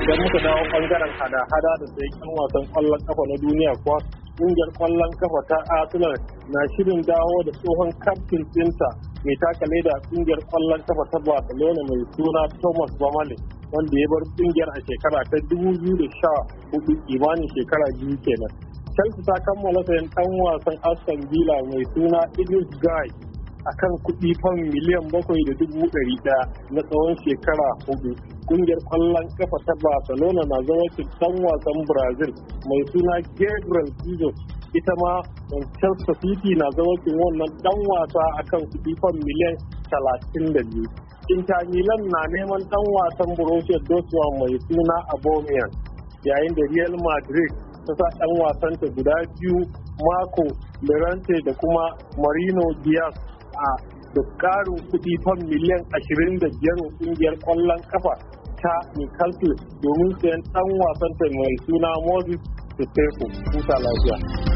Idan muka dawo bangaren hada-hada da sai kan wasan ƙwallon kafa na duniya kuwa ƙungiyar ƙwallon kafa ta Arsenal na shirin dawo da tsohon kaftin ɗinta mai taka leda ƙungiyar kwallon kafa ta Barcelona mai suna Thomas Bamale wanda ya bar ƙungiyar a shekara ta 2014 imanin shekara biyu kenan. Chelsea ta kammala sayen ɗan wasan Aston Villa mai suna Idris Gueye akan kuɗi fan miliyan bakwai da dubu ɗari ɗaya na tsawon shekara hudu. ƙungiyar kwallon kafa ta Barcelona na zama cikin wasan Brazil mai suna Gabriel Jesus ita ma Manchester City na zama wannan ɗan wasa akan kuɗi fan miliyan talatin da biyu. Inter Milan na neman ɗan wasan Borussia Dortmund mai suna abomian yayin da Real Madrid ta sa ɗan wasanta guda biyu mako Llorente da kuma Marino Diaz a da karin kuɗi fan miliyan ashirin da biyar wa ƙungiyar ƙwallon kafa ta Newcastle domin sayan ɗan wasan ta mai suna Moses Sissoko. musa lafiya.